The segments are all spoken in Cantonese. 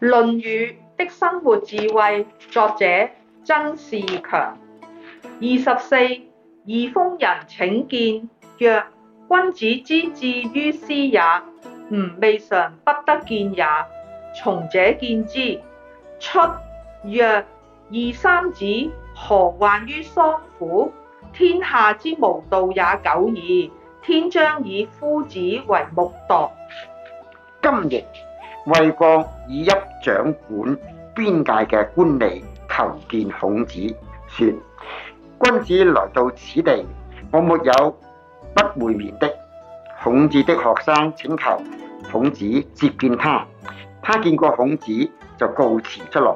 《論語》的生活智慧，作者曾仕強。二十四，儀封人請見，曰：君子之至於斯也，吾未嘗不得見也。從者見之，出，曰：二三子何患於喪乎？天下之無道也，久矣。天將以夫子為木鐸。今亦。衛國以一掌管邊界嘅官吏求見孔子，說：君子來到此地，我沒有不會面的。孔子的學生請求孔子接見他，他見過孔子就告辭出來，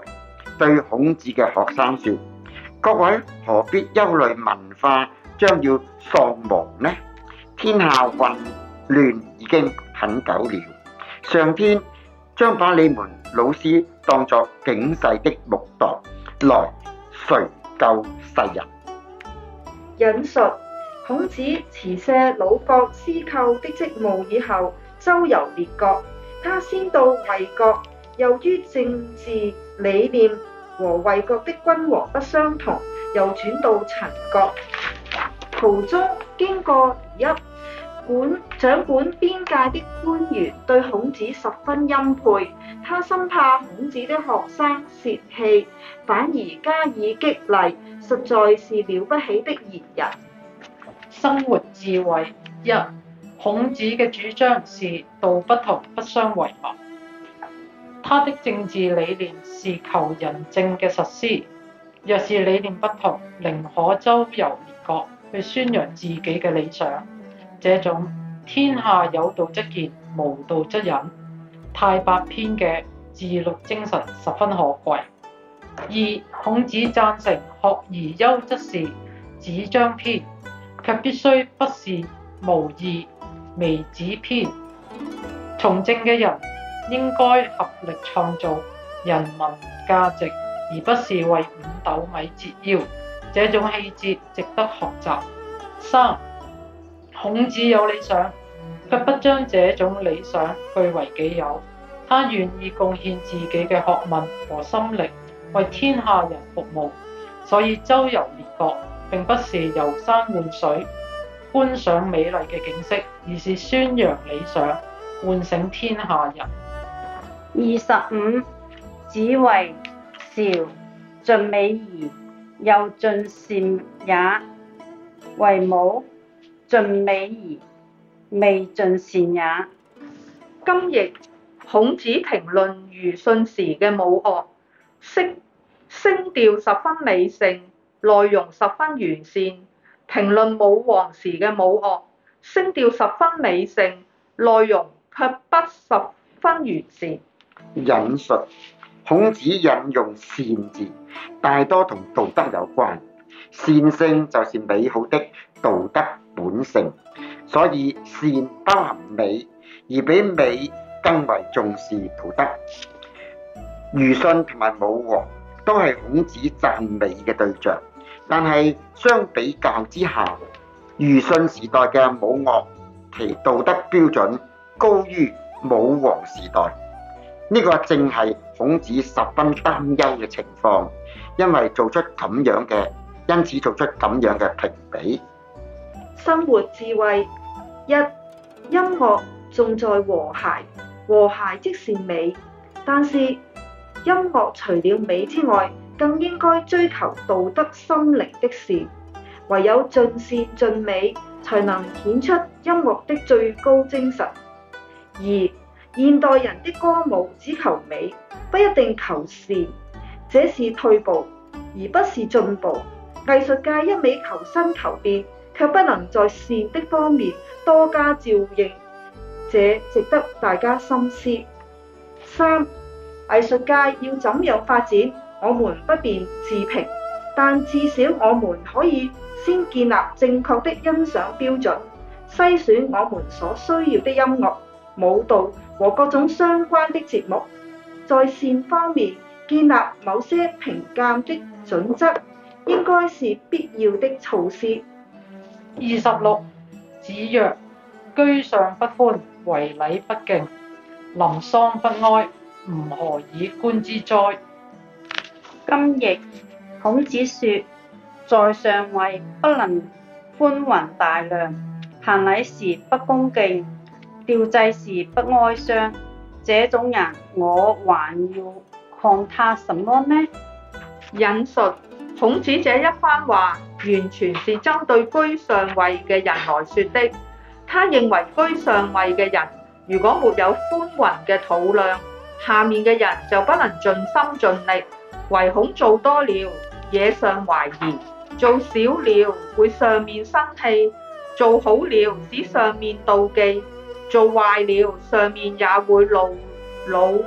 對孔子嘅學生說：各位何必憂慮文化將要喪亡呢？天下混亂已經很久了，上天。將把你們老師當作警世的木鐸，來垂救世人。引述孔子辭卸魯國司寇的職務以後，周遊列國。他先到魏國，由於政治理念和魏國的君王不相同，又轉到陳國。途中經過一。管，掌管邊界的官員對孔子十分欽佩，他生怕孔子的學生泄氣，反而加以激勵，實在是了不起的賢人。生活智慧一：孔子嘅主張是道不同不相為謀，他的政治理念是求仁政嘅實施。若是理念不同，寧可周遊列國去宣揚自己嘅理想。這種天下有道則見，無道則隱，《泰伯篇》嘅自律精神十分可貴。二，孔子贊成學而優則仕，《子張篇》卻必須不是無義，《微子篇》從政嘅人應該合力創造人民價值，而不是為五斗米折腰。這種氣節值得學習。三。孔子有理想，卻不將這種理想據為己有。他願意貢獻自己嘅學問和心力，為天下人服務。所以周遊列國，並不是遊山玩水、觀賞美麗嘅景色，而是宣揚理想，喚醒天下人。二十五，子為韶，盡美矣，又盡善也。為武盡美而未盡善也。今譯孔子評論虞舜時嘅武樂，聲聲調十分美盛，內容十分完善。評論武王時嘅武樂，聲調十分美盛，內容卻不十分完善。引述孔子引用善字，大多同道德有關，善性就是美好的道德。本性，所以善包含美，而比美更為重視道德。虞舜同埋武王都係孔子讚美嘅對象，但係相比較之下，虞舜時代嘅武惡其道德標準高於武王時代，呢、這個正係孔子十分擔憂嘅情況，因為做出咁樣嘅，因此做出咁樣嘅評比。生活智慧一，音樂重在和諧，和諧即是美。但是音樂除了美之外，更應該追求道德心靈的善，唯有盡善盡美，才能顯出音樂的最高精神。二，現代人的歌舞只求美，不一定求善，這是退步，而不是進步。藝術界一味求新求變。卻不能在善的方面多加照應，這值得大家深思。三，藝術界要怎樣發展，我們不便置評，但至少我們可以先建立正確的欣賞標準，篩選我們所需要的音樂舞蹈、和各種相關的節目。在善方面建立某些評鑑的準則，應該是必要的措施。二十六，26，子曰：居上不寬，為禮不敬，臨喪不哀，吾何以觀之哉？今譯孔子說，在上位不能寬宏大量，行禮時不恭敬，吊祭時不哀傷，這種人我還要看他什麼呢？引述孔子這一番話。完全是針對居上位嘅人來說的。他認為居上位嘅人如果沒有寬宏嘅肚量，下面嘅人就不能盡心盡力，唯恐做多了惹上懷疑，做少了會上面生氣，做好了使上面妒忌，做壞了上面也會露老，老。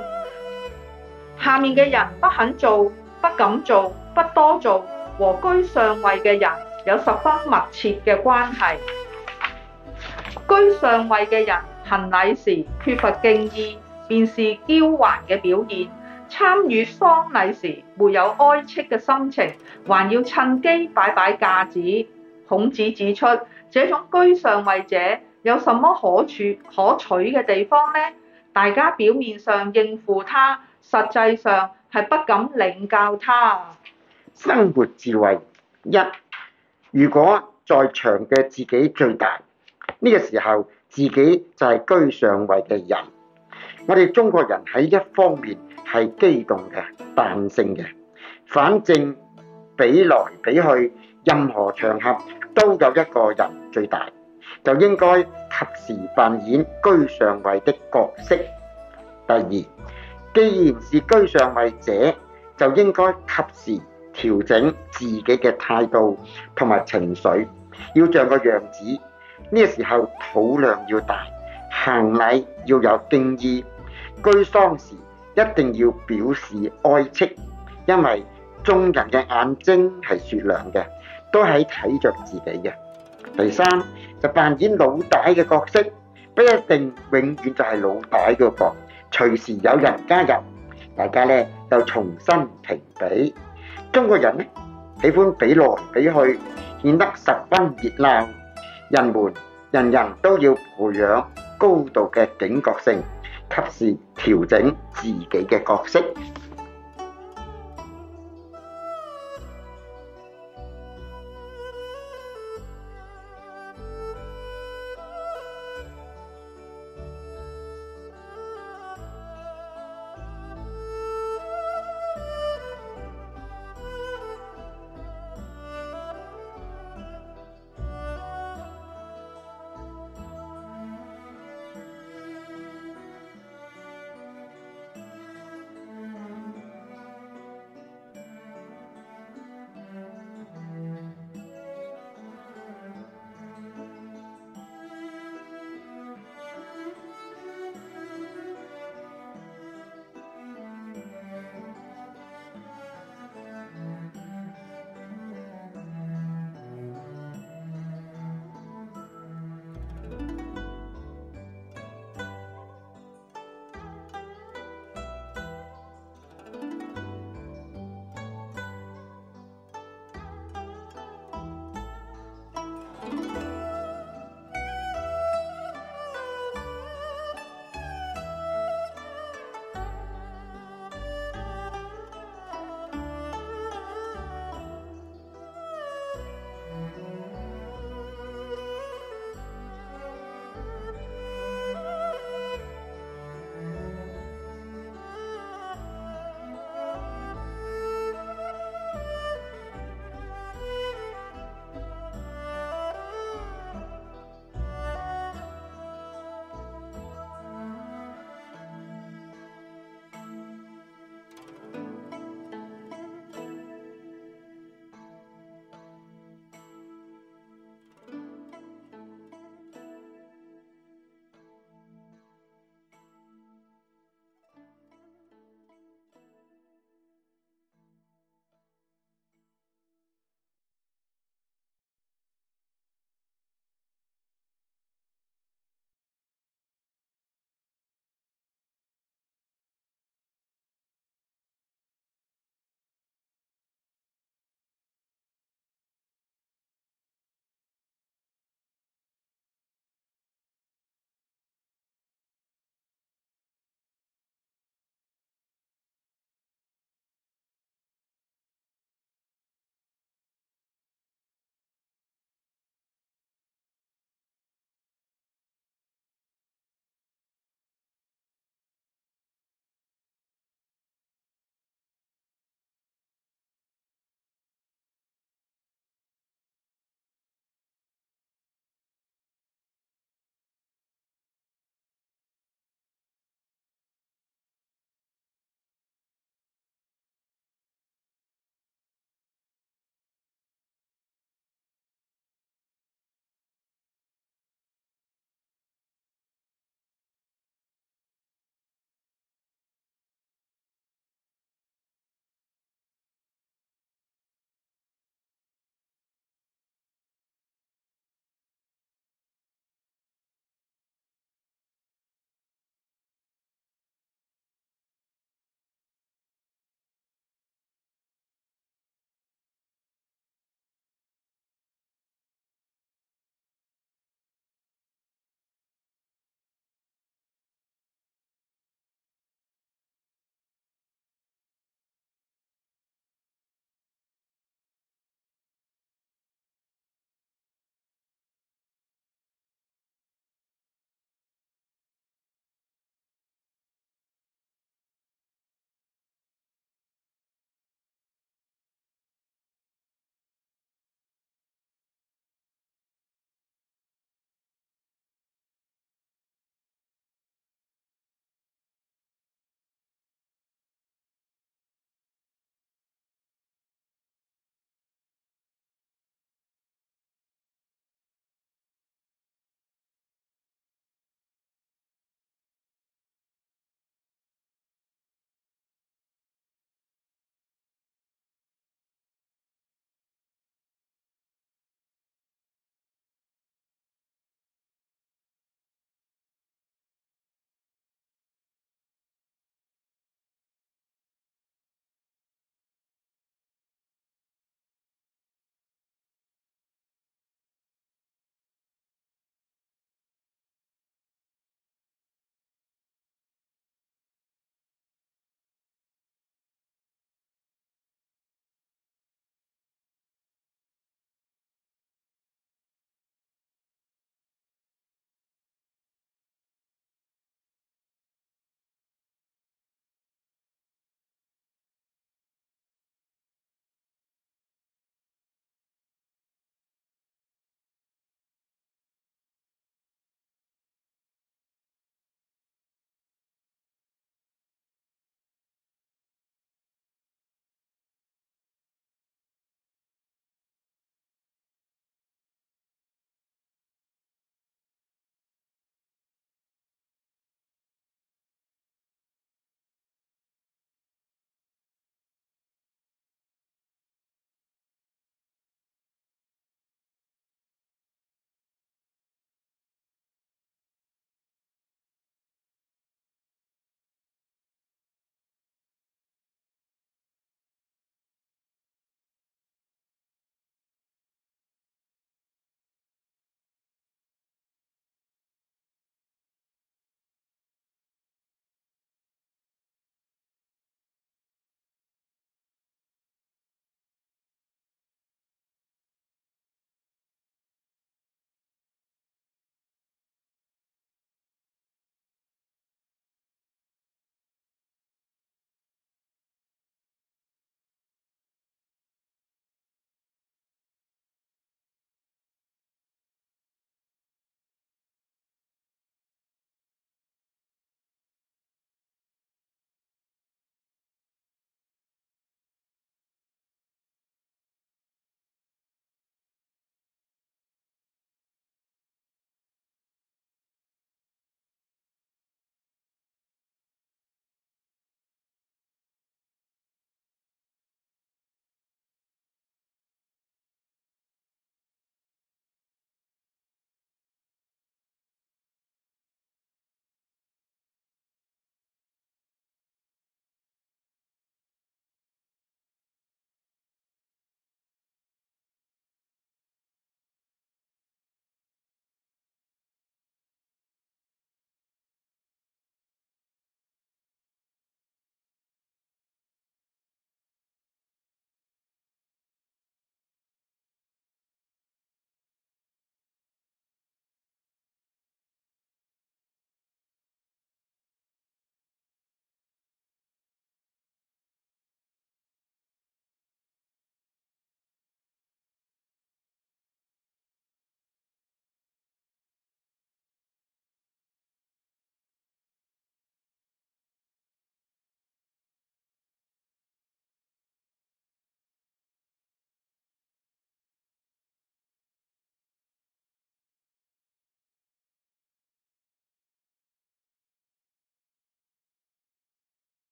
下面嘅人不肯做、不敢做、不多做。和居上位嘅人有十分密切嘅關係。居上位嘅人行禮時缺乏敬意，便是驕橫嘅表現。參與喪禮時沒有哀戚嘅心情，還要趁機擺擺架子。孔子指出，這種居上位者有什麼可取可取嘅地方呢？大家表面上應付他，實際上係不敢領教他。生活智慧一，如果在場嘅自己最大，呢個時候，自己就係居上位嘅人。我哋中國人喺一方面係機動嘅、彈性嘅，反正比來比去，任何場合都有一個人最大，就應該及時扮演居上位的角色。第二，既然是居上位者，就應該及時。調整自己嘅態度同埋情緒，要像個樣子。呢個時候肚量要大，行禮要有敬意。居喪時一定要表示哀戚，因為眾人嘅眼睛係雪亮嘅，都喺睇着自己嘅。第三就扮演老大嘅角色，不一定永遠就係老大嗰個，隨時有人加入，大家呢，就重新評比。中國人呢，喜歡比來比去，顯得十分熱鬧。人們，人人都要培養高度嘅警覺性，及時調整自己嘅角色。